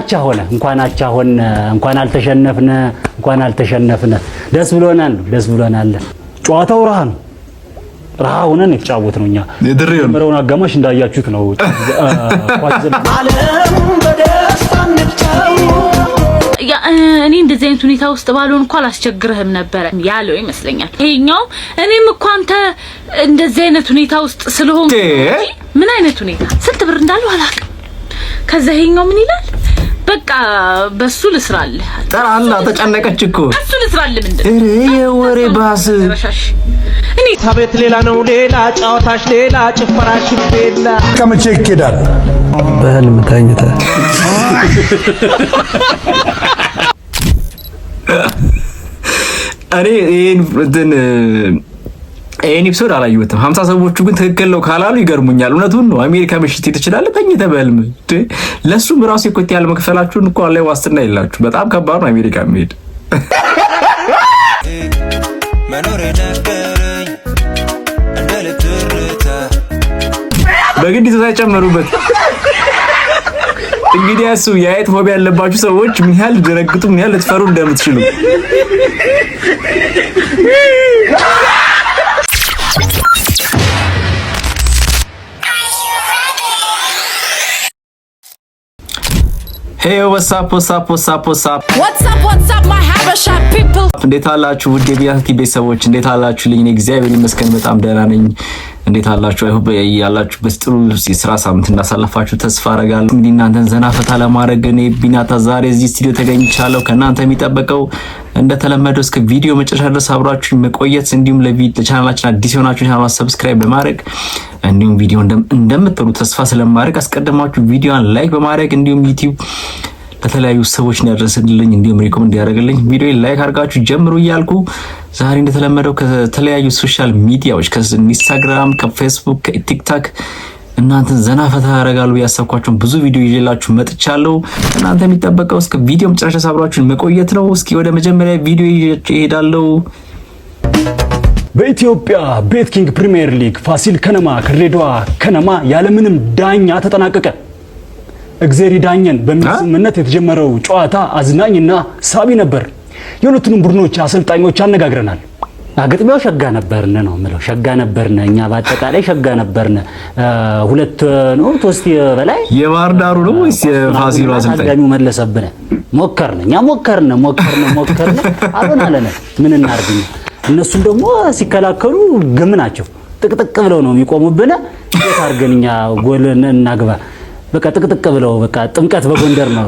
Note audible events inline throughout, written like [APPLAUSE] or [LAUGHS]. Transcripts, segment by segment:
አቻ ሆነ እንኳን አቻ ሆነ እንኳን አልተሸነፍነ እንኳን አልተሸነፍነ ደስ ብሎናል ደስ ብሎናል። ጨዋታው ረሃ ነው ረሃ ሆነን የተጫወት ነው። እኛ አጋማሽ እንዳያችሁት ነው። [LAUGHS] እኔ እንደዚህ አይነት ሁኔታ ውስጥ ባልሆን እንኳ አላስቸግርህም ነበረ ያለው ይመስለኛል። ይሄኛው እኔም እኮ አንተ እንደዚህ አይነት ሁኔታ ውስጥ ስለሆን ምን አይነት ሁኔታ ስንት ብር እንዳለው አላውቅም። ከዛ ይሄኛው ምን ይላል? በቃ በሱ ልስራልህ። ጠራና ተጨነቀች እኮ እሱ ልስራል። ምንድን የወሬ ባስ እኔ ታቤት ሌላ ነው፣ ሌላ ጨዋታሽ፣ ሌላ ጭፈራሽ። ሌላ ከመቼ ይኬዳል? በህልም ተኝተህ እኔ ይህን እንትን ይህን ኤፒሶድ አላየሁትም። ሀምሳ ሰዎቹ ግን ትክክል ነው ካላሉ ይገርሙኛል። እውነቱን ነው። አሜሪካ መሽት ትችላለህ ተኝተህ በህልም ለእሱም ራሱ የኮቴ ያለ መክፈላችሁን እኮ ላይ ዋስትና የላችሁ። በጣም ከባድ ነው አሜሪካ መሄድ። በግድ ሳይጨመሩበት እንግዲህ ያሱ የአይጥ ሆቢ ያለባችሁ ሰዎች ምን ያህል ልደረግጡ ምን ያህል ልትፈሩ እንደምትችሉ እንዴት አላችሁ? ውድ የቢያቲ ቤተሰቦች እንዴት አላችሁ? ልኝ እግዚአብሔር ይመስገን በጣም ደህና ነኝ። እንዴት አላችሁ? አይሁ ያላችሁ በስጥሩ የስራ ሳምንት እንዳሳለፋችሁ ተስፋ አረጋለሁ። እንግዲህ እናንተን ዘና ፈታ ለማድረግ እኔ ቢናታ ዛሬ እዚህ ስቱዲዮ ተገኝቻለሁ። ከእናንተ የሚጠበቀው እንደተለመደው እስከ ቪዲዮ መጨረሻ ድረስ አብራችሁ መቆየት እንዲሁም ለቻናላችን አዲስ የሆናችሁ ቻናል ሰብስክራይብ በማድረግ እንዲሁም ቪዲዮ እንደምትሉ ተስፋ ስለማድረግ አስቀድማችሁ ቪዲዮን ላይክ በማድረግ እንዲሁም ዩቲዩብ ለተለያዩ ሰዎች እንዲያደርስልኝ እንዲሁም ሪኮመንድ እንዲያደርግልኝ ቪዲዮ ላይክ አድርጋችሁ ጀምሩ እያልኩ ዛሬ እንደተለመደው ከተለያዩ ሶሻል ሚዲያዎች ከኢንስታግራም፣ ከፌስቡክ፣ ከቲክታክ እናንተን ዘና ፈታ ያደርጋሉ ያሰብኳቸውን ብዙ ቪዲዮ ይዤላችሁ መጥቻለሁ። እናንተ የሚጠበቀው እስከ ቪዲዮ መጨረሻ ሳብራችሁን መቆየት ነው። እስኪ ወደ መጀመሪያ ቪዲዮ ይሄዳለሁ። በኢትዮጵያ ቤት ኪንግ ፕሪሚየር ሊግ ፋሲል ከነማ ከድሬዳዋ ከነማ ያለምንም ዳኛ ተጠናቀቀ። እግዜሪ ዳኘን በሚል ስምምነት የተጀመረው ጨዋታ አዝናኝና ሳቢ ነበር። የሁለቱንም ቡድኖች አሰልጣኞች አነጋግረናል። ግጥሚያው ሸጋ ነበርን ነው የምለው። ሸጋ ነበርን እኛ በአጠቃላይ ሸጋ ነበርን። ሁለት ነው ቶስቲ በላይ የባህር ዳሩ ነው ወይስ የፋሲሉ አሰልጣኝ መለሰብን? ሞከርን እኛ ሞከርን ሞከርን ሞከርን አልሆን አለን። ምን እናርግ? እነሱም ደግሞ ሲከላከሉ ግም ናቸው። ጥቅጥቅ ብለው ነው የሚቆሙብን። የት አድርገን እኛ ጎል እናግባ? በቃ ጥቅጥቅ ብለው በቃ ጥምቀት በጎንደር ነው።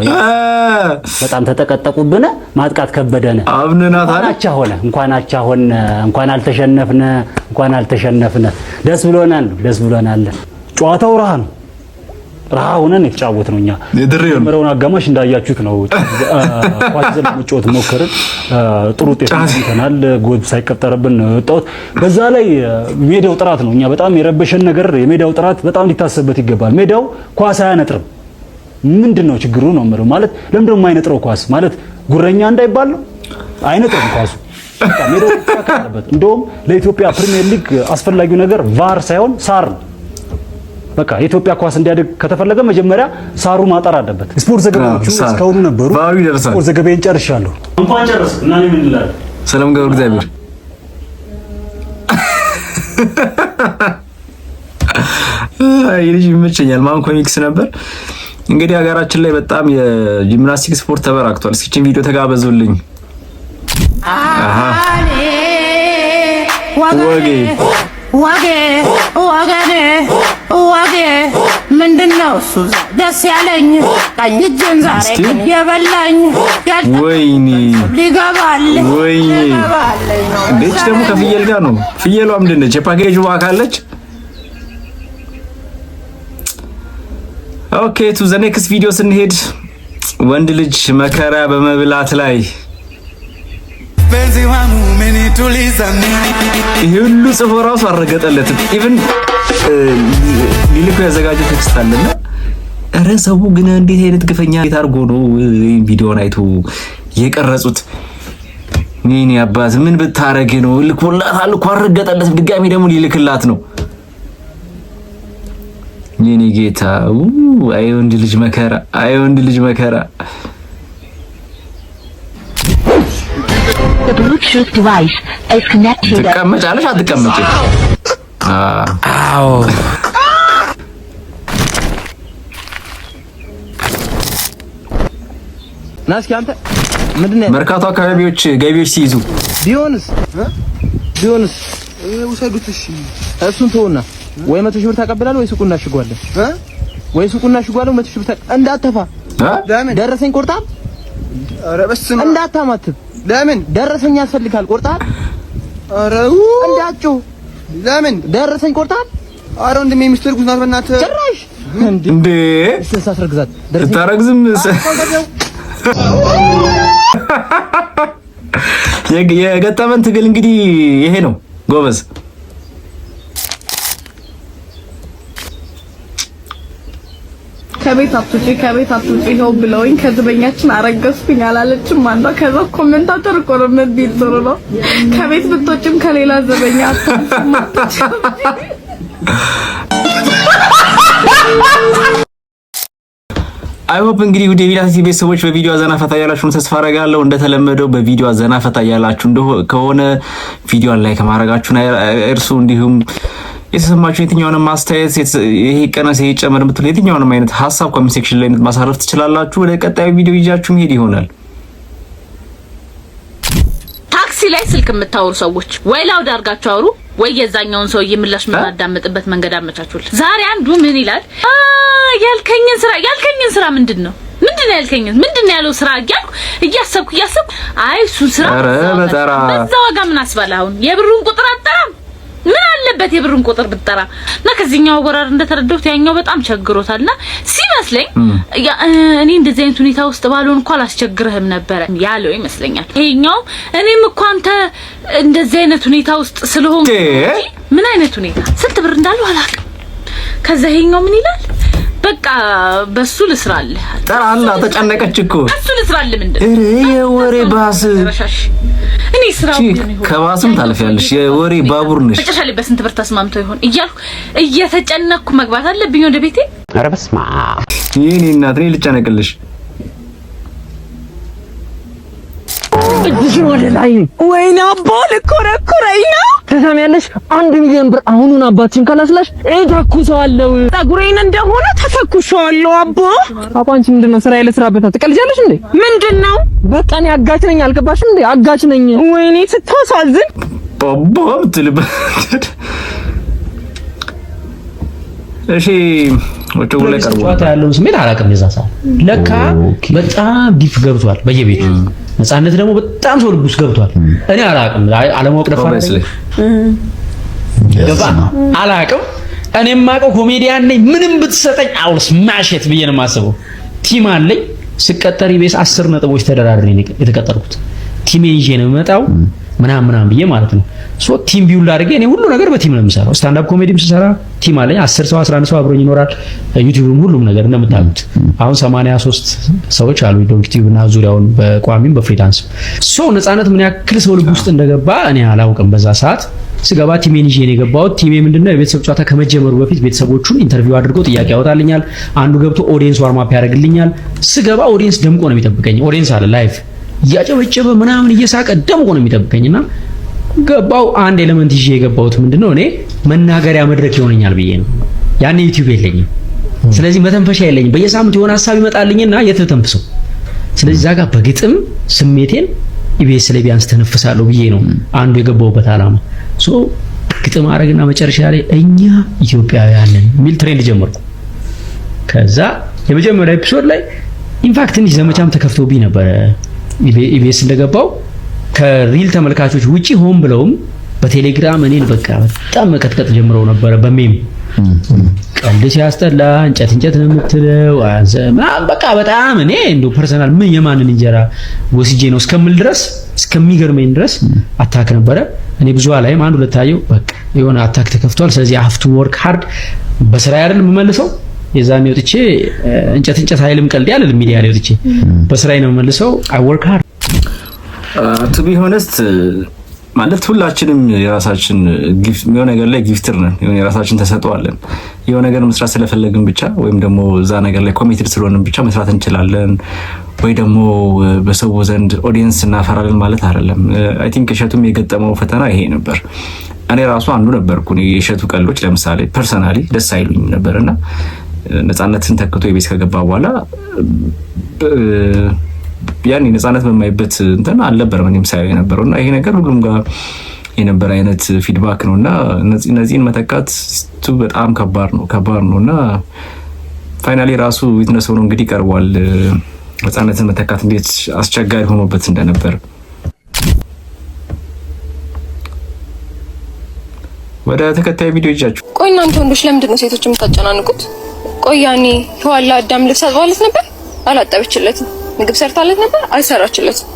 በጣም ተጠቀጠቁብን። ማጥቃት ከበደን። እንኳን አቻ ሆነ እንኳን አቻ ሆነ እንኳን አልተሸነፍነ እንኳን አልተሸነፍነ። ደስ ብሎናል፣ ደስ ብሎናል። ጨዋታው ረሃ ነው። ረሃ ሆነን የተጫወት ነው። እኛ የመጀመሪያውን አጋማሽ እንዳያችሁት ነው ኳስ ይዘን ለመጫወት ሞከርን። ጥሩ ውጤት ይተናል። ጎል ሳይቀጠረብን ወጣሁት። በዛ ላይ ሜዳው ጥራት ነው። እኛ በጣም የረበሸን ነገር የሜዳው ጥራት በጣም ሊታሰብበት ይገባል። ሜዳው ኳስ አያነጥርም። ምንድን ነው ችግሩ ነው የምለው ማለት ለምን ደግሞ አይነጥረው ኳስ ማለት ጉረኛ እንዳይባል ነው። አይነጥርም ኳሱ ሜዳው ጥራት አለበት። እንደውም ለኢትዮጵያ ፕሪሚየር ሊግ አስፈላጊው ነገር ቫር ሳይሆን ሳር ነው። በቃ የኢትዮጵያ ኳስ እንዲያድግ ከተፈለገ መጀመሪያ ሳሩ ማጠር አለበት። ስፖርት ዘገባዎቹ እስካሁኑ ነበሩ። ባሪ ስፖርት ዘገባዬን ጨርሻለሁ። እንኳን ጨረስክ እና እኔ ምን እላለሁ? ሰላም ገብረ እግዚአብሔር አይ ልጅ ይመቸኛል። ማን ኮሚክስ ነበር እንግዲህ ሀገራችን ላይ በጣም የጂምናስቲክ ስፖርት ተበራክቷል። እስኪችን ቪዲዮ ተጋበዙልኝ። ወጌ ወጌ ወገኔ ዋጌ ምንድነው እሱ ደስ ያለኝ ቀኝ እጄን ዛሬ የበላኝ ወይኔ ሊገባል ወይኔ ልጅ ደግሞ ከፍየል ጋር ነው። ፍየሏ ምንድነች የፓኬጁ አካለች። ኦኬ ቱ ዘ ኔክስት ቪዲዮ ስንሄድ ወንድ ልጅ መከራ በመብላት ላይ mpenzi ሁሉ ጽፎ ራሱ አረገጠለትም። ኢቭን ሊልኮ ያዘጋጀው ቴክስት አለና እረ ሰው ግን እንዴት አይነት ግፈኛ ቤት አድርጎ ነው ቪዲዮን አይቶ የቀረጹት? ኒኒ አባት ምን ብታረግ ነው? ልኮላት አልኮ አረገጠለትም። ድጋሚ ደግሞ ሊልክላት ነው። ኒኒ ጌታ አይ ወንድ ልጅ መከራ፣ አይ ወንድ ልጅ መከራ። ትቀመጫለሽ አትቀመጭም? አዎ ና እስኪ አንተ ምንድን ነው መርካቶ አካባቢዎች ገቢዎች ሲይዙ ቢሆንስ ቢሆንስ ውሰዱት። እሺ እሱን ተውና ወይ መቶ ሺህ ብር ታቀብላለህ ወይ ሱቁና ሽጓለህ ወይ ሱቁና ሽጓለህ። መቶ ሺህ ብር እንዳትተፋ ደረሰኝ ቆርጣም እንዳታማትብ ለምን ደረሰኝ ያስፈልጋል? ቆርጣል። አረው እንዳጩ ለምን ደረሰኝ ቆርጣል? አረ ወንድሜ ሚስት እርጉዝ ናት። በእናትህ ጭራሽ እንዴ እሺ፣ ሳትረግዛት ታረግዝም የገጠመን ትግል እንግዲህ ይሄ ነው ጎበዝ ከቤት አትውጪ ከቤት አትውጪ ይኸው ብለውኝ ከዘበኛችን አረገዝኩኝ አላለችም አንዷ። ከዛ ኮሜንታተር እኮ ነው ምን ጥሩ ነው ከቤት ብትወጪም ከሌላ ዘበኛ አይሆፕ እንግዲህ ውድ የቪላሲቲ ቤተሰቦች በቪዲዮ ዘና ፈታ ያላችሁን ተስፋ አረጋለሁ። እንደተለመደው በቪዲዮ ዘና ፈታ ያላችሁ እንደሆነ ከሆነ ቪዲዮን ላይ ከማድረጋችሁን እርሱ እንዲሁም የተሰማችሁ የትኛውንም አስተያየት ይሄ ቀነስ ይሄ ጨምር የምትሉ የትኛውንም አይነት ሀሳብ ኮሜንት ሴክሽን ላይ ማሳረፍ ትችላላችሁ። ወደ ቀጣዩ ቪዲዮ ይዣችሁ መሄድ ይሆናል። ታክሲ ላይ ስልክ የምታወሩ ሰዎች ወይ ላውድ አድርጋችሁ አውሩ፣ ወይ የዛኛውን ሰውዬ ምላሽ የምናዳምጥበት መንገድ አመቻችሁል። ዛሬ አንዱ ምን ይላል? ያልከኝን ስራ ያልከኝን ስራ ምንድን ነው ምንድን ነው ያልከኝ? ምንድን ነው ያለው ስራ እያልኩ እያሰብኩ እያሰብኩ አይ እሱን ስራ በዛ ዋጋ ምን አስባለህ? አሁን የብሩን ቁጥር አጠራም ምን አለበት የብሩን ቁጥር ብጠራ እና ከዚህኛው አወራር እንደተረዳሁት ያኛው በጣም ቸግሮታልና ሲመስለኝ እኔ እንደዚህ አይነት ሁኔታ ውስጥ ባልሆን እንኳን አላስቸግርህም ነበረ ያለው ይመስለኛል። ይሄኛው እኔም እኮ አንተ እንደዚህ አይነት ሁኔታ ውስጥ ስለሆን ምን አይነት ሁኔታ ስንት ብር እንዳለው አላውቅም። ከዛ ይሄኛው ምን ይላል በቃ በሱ ልስራልህ። ጠራላ ተጨነቀች እኮ እሱ ልስራል። ምንድን ነው የወሬ ባስ? እኔ ስራ ከባስም ታልፊያለሽ። የወሬ ባቡር ነሽ። መጨረሻ ላይ በስንት ብር ተስማምቶ ይሆን እያልኩ እየተጨነኩ መግባት አለብኝ ወደ ቤቴ። ኧረ በስመ አብ! ይሄኔ እናት እኔ ልጨነቅልሽ እጅሽን ወደ ላይ ወይኔ አቦ ልኮረኩረኝ ነው። ተሰሚያለሽ? አንድ ሚሊዮን ብር አሁኑን አባትሽን ካላስላሽ እተኩሰዋለሁ። ፀጉሬን እንደሆነ ተተኩሸዋለሁ። አቦ አቦ አንቺ ምንድን ነው ስራዬ ልስራበት ነው ትቀልጃለሽ እንዴ? ምንድን ነው በቃ እኔ አጋች ነኝ። አልገባሽም እንዴ? አጋች ነኝ። ወይኔ ስታሳዝን ቦቦ ትልበት እሺ ጨዋታ ያለውን ስሜት አላውቅም። የዛ ሰዓት ለካ በጣም ዲፍ ገብቷል በየቤቱ ነፃነት ደግሞ በጣም ሰው ልብ ውስጥ ገብቷል። እኔ አላውቅም፣ አለማወቅ ደፋ አላውቅም። እኔ የማውቀው ኮሜዲያን ነኝ። ምንም ብትሰጠኝ አውልስ ማሸት ብዬ ነው የማስበው። ቲም አለኝ። ስቀጠር ቤስ አስር ነጥቦች ተደራድሬ የተቀጠርኩት ቲሜን ይዤ ነው የምመጣው። ምናምን ምናምን ብዬ ማለት ነው። ሶ ቲም ቢውል አድርጌ እኔ ሁሉ ነገር በቲም ነው የምሰራው። ስታንዳፕ ኮሜዲም ስሰራ ቲም አለኝ። 10 ሰው 11 ሰው አብሮኝ ይኖራል። ዩቲዩብም ሁሉም ነገር እንደምታውቁት አሁን 83 ሰዎች አሉ ዶንክ ቲዩብ እና ዙሪያውን በቋሚም በፍሪላንስ ሶ ነፃነት ምን ያክል ሰው ልብ ውስጥ እንደገባ እኔ አላውቅም። በዛ ሰዓት ስገባ ቲሜን ይዤ ነው የገባሁት። ቲሜ ምንድነው የቤተሰብ ጨዋታ ከመጀመሩ በፊት ቤተሰቦቹን ኢንተርቪው አድርጎ ጥያቄ ያወጣልኛል። አንዱ ገብቶ ኦዲየንስ ዋርማፕ ያደርግልኛል። ስገባ ኦዲየንስ ደምቆ ነው የሚጠብቀኝ። ኦዲየንስ አለ ላይቭ እያጨበጨበ ምናምን እየሳቀ ደምቆ ነው የሚጠብቀኝና ገባው አንድ ኤሌመንት ይዤ የገባሁት ምንድነው እኔ መናገሪያ መድረክ ይሆነኛል ብዬ ነው። ያኔ ዩቲዩብ የለኝም፣ ስለዚህ መተንፈሻ የለኝም። በየሳምንቱ የሆነ ሀሳብ ይመጣልኝና የት ተንፍሰው፣ ስለዚህ እዛ ጋር በግጥም ስሜቴን ኢቢኤስ ላይ ቢያንስ ተነፍሳለሁ ብዬ ነው አንዱ የገባሁበት ዓላማ። ሶ ግጥም አረግና መጨረሻ ላይ እኛ ኢትዮጵያውያንን ሚል ትሬንድ ጀመርኩ። ከዛ የመጀመሪያ ኤፒሶድ ላይ ኢንፋክት ትንሽ ዘመቻም ተከፍቶብኝ ነበረ። ኢቢኤስ እንደገባው ከሪል ተመልካቾች ውጪ ሆን ብለውም በቴሌግራም እኔን በቃ በጣም መቀጥቀጥ ጀምሮ ነበረ። በሜም ቀልድ ሲያስጠላ እንጨት እንጨት ነው የምትለው በቃ በጣም እኔ እንደ ፐርሰናል ምን የማንን እንጀራ ወስጄ ነው እስከምል ድረስ እስከሚገርመኝ ድረስ አታክ ነበረ። እኔ ብዙ ላይም አንዱ ለታየው በቃ የሆነ አታክ ተከፍቷል። ስለዚህ አፍቱ ወርክ ሀርድ በስራ ያደል የምመልሰው የዛኔ ወጥቼ እንጨት እንጨት ኃይልም ቀልድ ያለል ሚዲያ ላይ ወጥቼ በስራዬ ነው መልሰው አይ ወርክ ሃርድ ቱ ቢ ሆነስት ማለት ሁላችንም የራሳችን ጊፍት የሆነ ነገር ላይ ጊፍትር ነን። የራሳችን ተሰጠዋለን። የሆነ ነገር መስራት ስለፈለግን ብቻ ወይም ደግሞ እዛ ነገር ላይ ኮሚትድ ስለሆንን ብቻ መስራት እንችላለን። ወይ ደግሞ በሰው ዘንድ ኦዲየንስ እናፈራለን ማለት አይደለም። አይ ቲንክ እሸቱም የገጠመው ፈተና ይሄ ነበር። እኔ ራሱ አንዱ ነበርኩ። የእሸቱ ቀልዶች ለምሳሌ ፐርሰናሊ ደስ አይሉኝም ነበር እና ነፃነትን ተክቶ የቤት ከገባ በኋላ ያን ነፃነት በማይበት እንትን አልነበረም እኔም ሳየው የነበረው እና ይሄ ነገር ሁሉም ጋር የነበረ አይነት ፊድባክ ነው እና እነዚህን መተካት በጣም ከባድ ነው ከባድ ነው እና ፋይናሌ ራሱ ዊትነስ ሆኖ እንግዲህ ቀርቧል። ነፃነትን መተካት እንዴት አስቸጋሪ ሆኖበት እንደነበር ወደ ተከታይ ቪዲዮ ይጃችሁ። ቆይ እናንተ ወንዶች ለምንድን ነው ሴቶች የምታጨናንቁት? ቆይ ያኔ አዳም ለአዳም ልብስ አጥባለት ነበር፣ አላጠበችለትም። ምግብ ሰርታለት ነበር፣ አልሰራችለትም።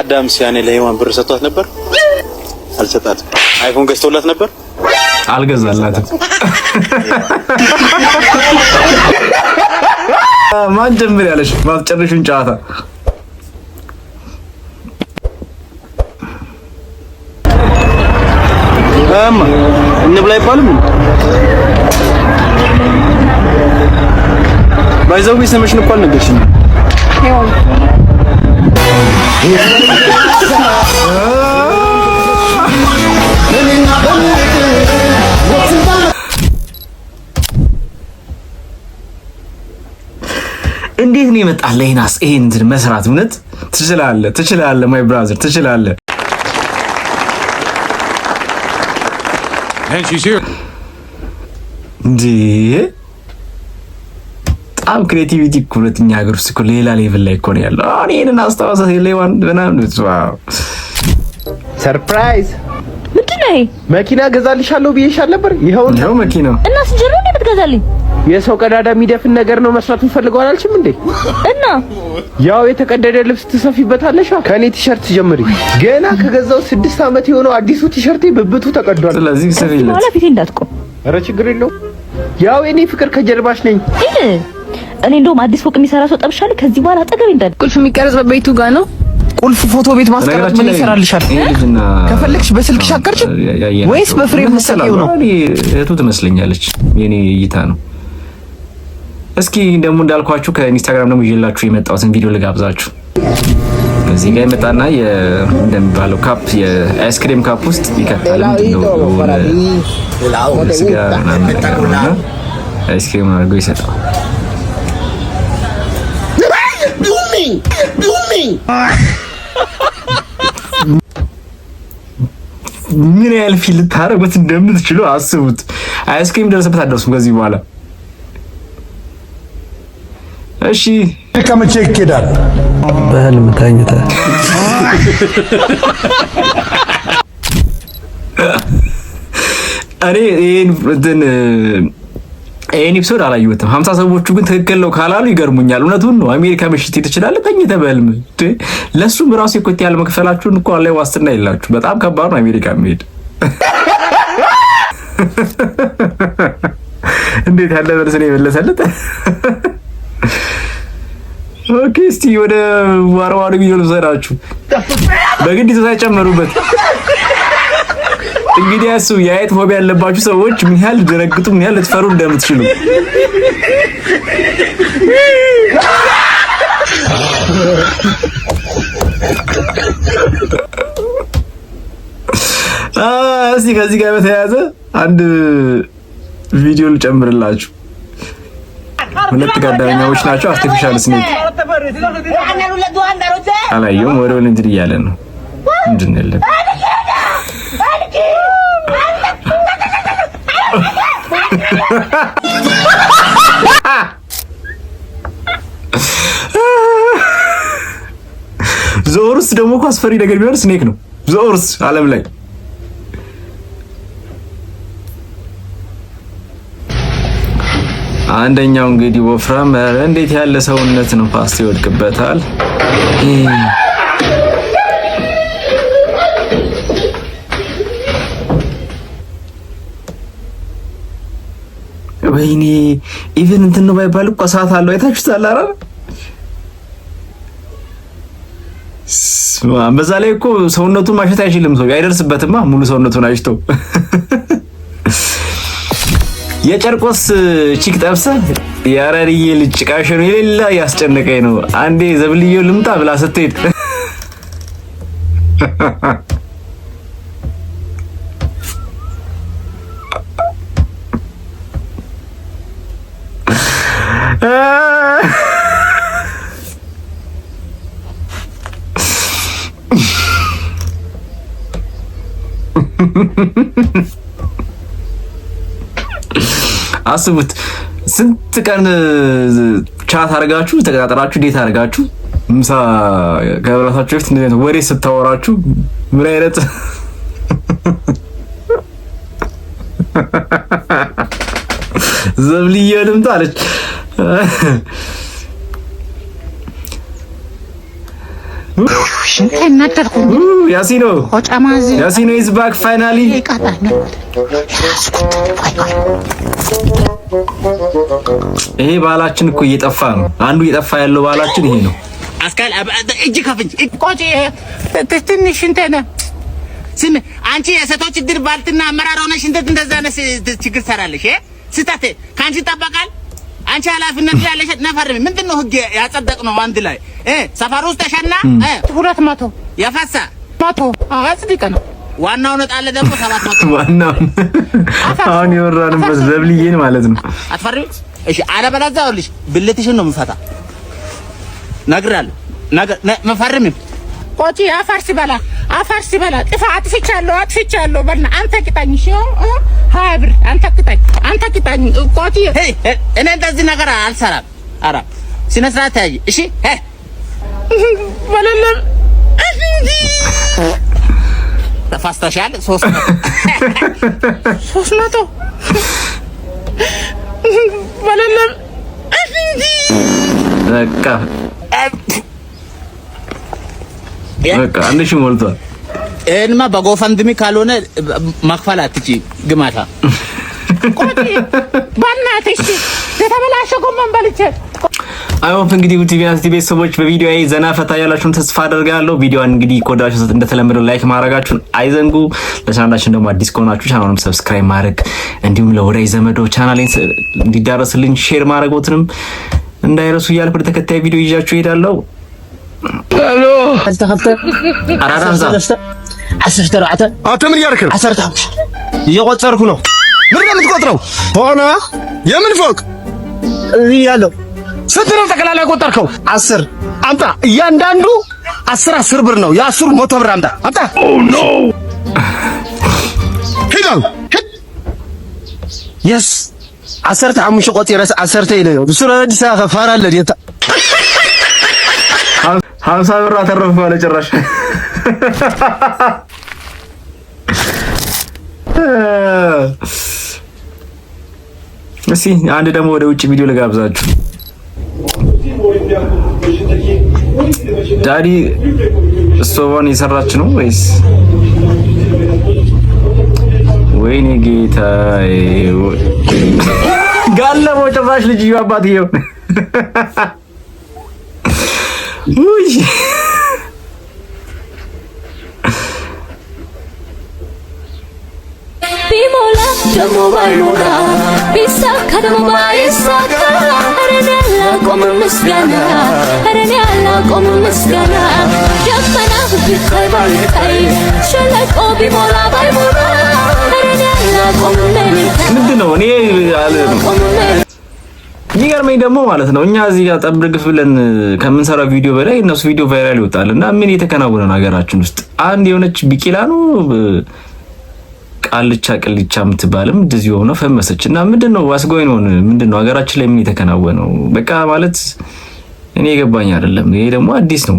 አዳምስ ያኔ ለህዋን ብር ሰጥቷት ነበር፣ አልሰጣትም። አይፎን ገዝቶላት ነበር፣ አልገዛላትም። ማን ጀምር ያለሽ ማስጨረሹን ጨዋታ እማ እንብላ አይባልም። ባይዘው ስምሽን እኮ አልነገርሽኝም። እንዴት ነው የመጣልህ? ይሄን መስራት እውነት ትችላለህ፣ ትችላለህ ማይ ብራዘር ትችላለህ። እንዴ በጣም ክሬቲቪቲ እኮ ሁለተኛ ሀገር ውስጥ እኮ ሌላ ሌቭል ላይ እኮ ነው ያለው። አሁን ይህንን አስተዋሰት ሌዋን ምናምን ሰርፕራይዝ ምንድን ነው መኪና ገዛልሻለሁ ብዬሽ አልነበር? ይኸው ነው መኪና እና ስጀሮ ምትገዛልኝ የሰው ቀዳዳ የሚደፍን ነገር ነው መስራት የምፈልገው አላልሽም እንዴ? እና ያው የተቀደደ ልብስ ትሰፊበታለሽ። ከኔ ቲሸርት ጀምሪ። ገና ከገዛው ስድስት ዓመት የሆነው አዲሱ ቲሸርቴ ብብቱ ተቀዷል። ስለዚህ ሰሪለት ማለት ፊቴ እንዳትቆም። ኧረ ችግር የለውም። ያው የኔ ፍቅር ከጀርባሽ ነኝ። እኔ እንደውም አዲስ ፎቅ የሚሰራ ሰው ጠብሻለሁ። ከዚህ በኋላ አጠገብ እንዳል። ቁልፍ የሚቀረጽ በቤቱ ጋር ነው። ቁልፍ ፎቶ ቤት ማስቀረጥ ምን ይሰራልሻል? ከፈለግሽ በስልክ አቀርጭ ወይስ በፍሬም መሰለው ነው። እህቱ ትመስለኛለች። የኔ እይታ ነው እስኪ ደግሞ እንዳልኳችሁ ከኢንስታግራም ደግሞ ይዤላችሁ የመጣሁትን ቪዲዮ ልጋብዛችሁ። እዚህ ጋር የመጣና እንደሚባለው ካፕ የአይስክሪም ካፕ ውስጥ ይከታል አይስክሪም አድርጎ ይሰጠዋል። ምን ያህል ፊልም ልታረጉት እንደምትችሉ አስቡት። አይስክሪም ደረሰበት አደረሱም ከዚህ በኋላ እሺ ከመቼ ይኬዳል? በህልም ተኝተህ እኔ ይሄን እንትን ይሄን ኤፒሶድ አላየሁትም። ሀምሳ ሰዎቹ ግን ትክክል ነው ካላሉ ይገርሙኛል። እውነቱን ነው። አሜሪካ መሽት ትችላለህ ተኝተህ በህልም ለእሱም ራሱ የኮቴ ያለ መክፈላችሁን እኮ ላይ ዋስትና የላችሁ። በጣም ከባድ ነው አሜሪካ መሄድ። እንዴት ያለ መልስ ነው የመለሰለት። ኦኬ፣ እስቲ ወደ አርባሪ ሚሊዮን ዘራችሁ በግድ ሳይጨመሩበት እንግዲህ ያሱ የአይጥ ፎቢያ ያለባችሁ ሰዎች ምን ያህል ልደረግጡ ምን ያህል ልትፈሩ እንደምትችሉ እስቲ ከዚህ ጋር በተያያዘ አንድ ቪዲዮ ልጨምርላችሁ። ሁለት ጓደኛሞች ናቸው። አርቲፊሻል ስኔክ አላየሁም። ወደ ወደ እንትን እያለ ነው ምንድን ያለ ዞርስ ደግሞ እኮ አስፈሪ ነገር ቢሆን ስኔክ ነው። ዞርስ አለም ላይ አንደኛው እንግዲህ ወፍራም እንዴት ያለ ሰውነት ነው! ፓስት ይወድቅበታል። ወይኔ ኢቭን እንትን ነው ባይባል እኮ ሰዓት አለው። አይታችሁታል? ኧረ በዛ ላይ እኮ ሰውነቱን ማሸት አይችልም ሰው አይደርስበትማ ሙሉ ሰውነቱን አሽቶ [LAUGHS] የጨርቆስ ቺክ ጠብሰ የአራርዬ ልጅ ጭቃሽ ነው የሌላ ያስጨነቀኝ ነው። አንዴ ዘብልዬው ልምጣ ብላ ስትሄድ [LAUGHS] አስቡት። ስንት ቀን ቻት አርጋችሁ ተቀጣጠራችሁ፣ ዴት አርጋችሁ ምሳ ከመብላታችሁ በፊት እንደዚህ ወሬ ስታወራችሁ ምን አይነት [LAUGHS] ዘብልዬ ልምጣ አለች። ያሲኖ ያሲኖ ኢዝ ባክ ፋይናሊ ይሄ ባህላችን እኮ እየጠፋ ነው። አንዱ እየጠፋ ያለው ባህላችን ይሄ ነው። አስካል እጅ ከፍንጅ ቆጭ ትንሽ እንትን ስም አንቺ የሴቶች ድር ባልትና አመራር ሆነሽ እንትን እንደዛ ነሽ ችግር ሰራለሽ። ስህተት ከአንቺ ይጠበቃል። አንቺ ኃላፊነት ያለሽ ነፈር ምንድን ነው ህግ ያጸደቅ ነው አንድ ላይ ሰፈር ውስጥ ተሸና ሁለት መቶ የፈሳ መቶ አጽድቅ ነው ዋናውን ነጣለ ደግሞ ሰባት መቶ ዋናው አሁን የወራንበት ዘብልዬን ማለት ነው። አትፈሪ እሺ። አለበለዚያ ይኸውልሽ ብልትሽን ነው የምፈታ። ነግራለሁ ነገር መፈርም ቆጪ አፈር ሲበላ አፈር ሲበላ ጥፋ አጥፍቻለሁ፣ አጥፍቻለሁ በልና አንተ ቅጣኝ። እሺ ሀያ ብር አንተ ቅጣኝ፣ አንተ ቅጣኝ ቆጪ። እኔ እንደዚህ ነገር አልሰራም። ኧረ ስነ ስርዓት ተያይ። እሺ በለለም ተፋስተሻል። ሶስት [LAUGHS] ሶስት መቶ በለለም በቃ በቃ አንድ ሺህ ሞልቷል። ይሄንማ በጎፈንድሚ ካልሆነ መክፈል አትጪ ግማታ ባናትሽ የተበላሸ ጎመን በልቼ አይሆንፍ እንግዲህ ቲቪ ቢያንስ ቲቪ ቤተሰቦች በቪዲዮ ዘና ፈታ ያላችሁን ተስፋ አደርጋለሁ። ቪዲዮን እንግዲህ ከወዳችሁ እንደተለመደው ላይክ ማድረጋችሁን አይዘንጉ። ለቻናላችን ደግሞ አዲስ ከሆናችሁ ቻናሉን ሰብስክራይብ ማድረግ እንዲሁም ለወዳጅ ዘመዶ ቻናሌን እንዲዳረስልኝ ሼር ማድረጎትንም እንዳይረሱ እያልኩ ወደ ተከታይ ቪዲዮ ይዣችሁ እሄዳለሁ። ሄሎ አራዳ አንተ ምን እያደረክ ነው? እየቆጠርኩ ነው። ምን ነው የምትቆጥረው? ሆነ የምን ፎቅ እዚህ ያለው ስንት ነው ጠቅላላ የቆጠርከው? አስር አምጣ። እያንዳንዱ አስር አስር ብር ነው። የአስሩ መቶ ብር አምጣ አምጣ። ኖ ሂዳው የስ ዓሰርተ ሓሙሽተ ቆፂረስ ዓሰርተ ኢለ ብሱ ዲታ ሀምሳ ብር አተረፈ ባለ ጭራሽ እስኪ አንድ ደግሞ ወደ ውጭ ቪዲዮ ልጋብዛችሁ። ዳዲ እስቶቫን እየሰራች ነው ወይስ? ወይኔ ጌታ ጋለሞ ጭራሽ ልጅ አባትየው ቢሞላ ደግሞ ባይሞላ ቢሳካ ደግሞ ባይሳካ አላቆምም ምስጋና እኔ አላቆምም ምስጋና ደመና ባይታይ ሸለቆ ቢሞላ ባይሞላ እኔ አላቆምም ምንድን ነው እኔ ደግሞ ማለት ነው እኛ እዚህ ጋር ጠብርግፍ ብለን ከምንሰራው ቪዲዮ በላይ እነሱ ቪዲዮ ቫይራል ይወጣል እና ምን የተከናወነ ነው ሀገራችን ውስጥ አንድ የሆነች ቢቂላ ነው ቃልቻ ቅልቻ የምትባልም እንደዚህ ሆኖ ፈመሰች እና ምንድን ነው ዋስጎይን ሆን ምንድን ነው ሀገራችን ላይ ምን የተከናወነው? በቃ ማለት እኔ የገባኝ አይደለም። ይሄ ደግሞ አዲስ ነው።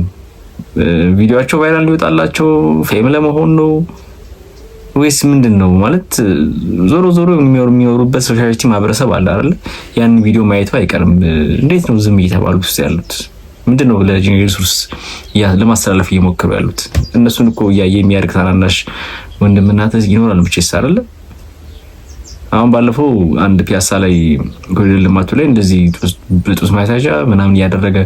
ቪዲዮቸው ቫይራል ሊወጣላቸው ፌም ለመሆን ነው ወይስ ምንድን ነው? ማለት ዞሮ ዞሮ የሚወሩ የሚወሩበት ሶሻሊቲ ማህበረሰብ አለ አይደል? ያን ቪዲዮ ማየቱ አይቀርም። እንዴት ነው ዝም እየተባሉ ውስጥ ያሉት ምንድን ነው ለጄኔሬሽን ለማስተላለፍ እየሞከሩ ያሉት? እነሱን እኮ እያየ የሚያደርግ ታናናሽ ወንድምና ተዝ ይኖራል ብቻ ይሳራል። አሁን ባለፈው አንድ ፒያሳ ላይ ጎደል ልማቱ ላይ እንደዚህ ብጡስ ማሳጃ ምናምን እያደረገ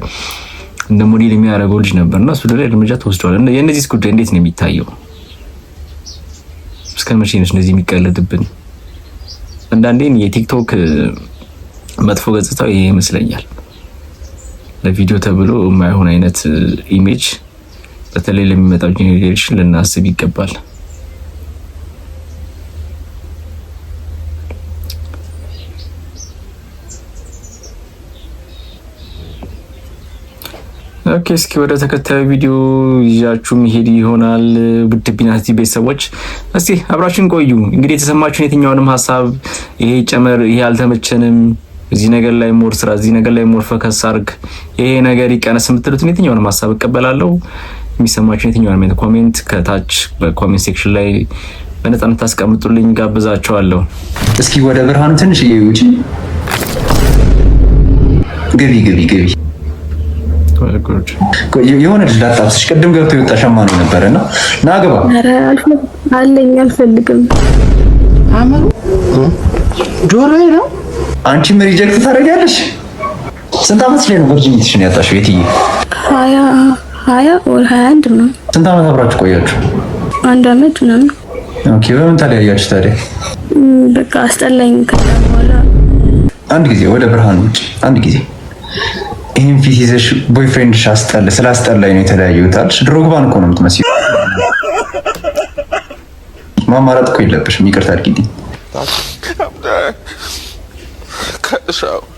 እንደ ሞዴል የሚያደርገው ልጅ ነበር እና እሱ ላይ እርምጃ ተወስዷል። የእነዚህ ጉዳይ እንዴት ነው የሚታየው? እስከ መቼ ነች እንደዚህ የሚቀለድብን? አንዳንዴም የቲክቶክ መጥፎ ገጽታው ይሄ ይመስለኛል። ለቪዲዮ ተብሎ የማይሆን አይነት ኢሜጅ በተለይ ለሚመጣው ጄኔሬሽን ልናስብ ይገባል። ኦኬ እስኪ ወደ ተከታዩ ቪዲዮ ይዣችሁ መሄድ ይሆናል። ውድ ቢናቲ ቤተሰቦች እስቲ አብራችን ቆዩ። እንግዲህ የተሰማችሁን የትኛውንም ሀሳብ ይሄ ጨመር፣ ይሄ አልተመቸንም፣ እዚህ ነገር ላይ ሞር ስራ፣ እዚህ ነገር ላይ ሞር ፈከስ አርግ፣ ይሄ ነገር ይቀነስ የምትሉትን የትኛውንም ሀሳብ እቀበላለሁ። የሚሰማችሁን የትኛውንም ኮሜንት ከታች በኮሜንት ሴክሽን ላይ በነጻነት ታስቀምጡልኝ፣ ጋብዛቸዋለሁ። እስኪ ወደ ብርሃኑ ትንሽ ውጭ ግቢ ግቢ ግቢ ወንድ የሆነ ልጅ ላጣብስሽ ቅድም ገብቶ የወጣ ነው ነበረ እና ና ግባ አለኝ። አልፈልግም። አመሩ ጆሮዬ ነው። አንቺም ሪጀክት ታደርጊያለሽ። ስንት ዓመት ላይ ነው ቨርጂኒቲሽን ያጣሽው? የትዬ ሀያ ሀያ ወር ሀያ አንድ ነው። ስንት አመት አብራችሁ ቆያችሁ? አንድ አመት ምናምን። ኦኬ በምን ተለያያችሁ ታዲያ? በቃ አስጠላኝ። ከዛ በኋላ አንድ ጊዜ ወደ ብርሃን ውጭ አንድ ጊዜ ይህን ፊት ይዘሽ ቦይፍሬንድ ስላስጠላኝ ነው የተለያየሁት አልሽ። ድሮግባን እኮ ነው የምትመስይው። ማማረጥ እኮ የለብሽም። ይቅርታ አድርጊልኝ።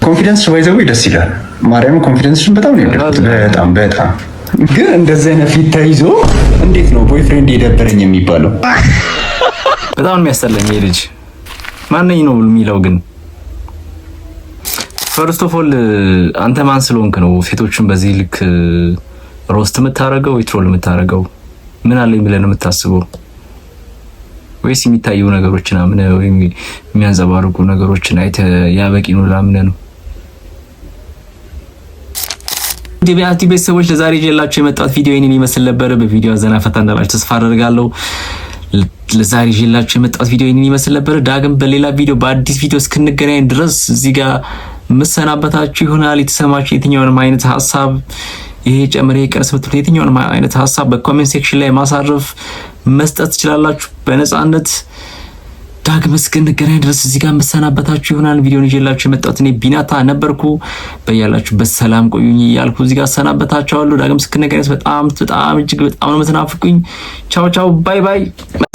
ኮንፊደንስ ባይዘው ደስ ይላል። ማርያም ኮንፊደንስሽን በጣም ነው በጣም በጣም ግን እንደዚህ አይነት ፊት ተይዞ እንዴት ነው ቦይፍሬንድ የደበረኝ የሚባለው? በጣም ነው የሚያስጠላኝ። ይሄ ልጅ ማነኝ ነው የሚለው ግን ፈርስት ኦፍ ኦል አንተ ማን ስለሆንክ ነው ሴቶችን በዚህ ልክ ሮስት uh, የምታረገው ወይ ትሮል የምታረገው? ምን አለኝ ብለን የምታስበው? ወይስ የሚታዩ ነገሮችን አምነህ ወይም የሚያንጸባርቁ ነገሮችን አይተ ያበቂ ነው ላምነ ነው? ቢአቲ ቤተሰቦች ለዛሬ ይዤላችሁ የመጣሁት ቪዲዮ ይህንን ይመስል ነበረ። በቪዲዮ ዘና ፈታ እንዳላችሁ ተስፋ አደርጋለሁ። ለዛሬ ይዤላችሁ የመጣሁት ቪዲዮ ይህንን ይመስል ነበረ። ዳግም በሌላ ቪዲዮ በአዲስ ቪዲዮ እስክንገናኝ ድረስ እዚህ ጋር ምሰናበታችሁ ይሆናል። የተሰማችሁ የትኛውንም አይነት ሀሳብ ይሄ ጨምሬ ይቀነስ ብትሉ የትኛውንም አይነት ሀሳብ በኮሜንት ሴክሽን ላይ ማሳረፍ መስጠት ትችላላችሁ በነጻነት። ዳግም እስክንገናኝ ድረስ እዚህ ጋር ምሰናበታችሁ ይሆናል። ቪዲዮን ይዤላችሁ የመጣሁት እኔ ቢናታ ነበርኩ። በያላችሁበት ሰላም ቆዩኝ እያልኩ እዚህ ጋር ሰናበታችኋለሁ። ዳግም እስክንገናኝ በጣም በጣም እጅግ በጣም ነው የምትናፍቁኝ። ቻው ቻው፣ ባይ ባይ።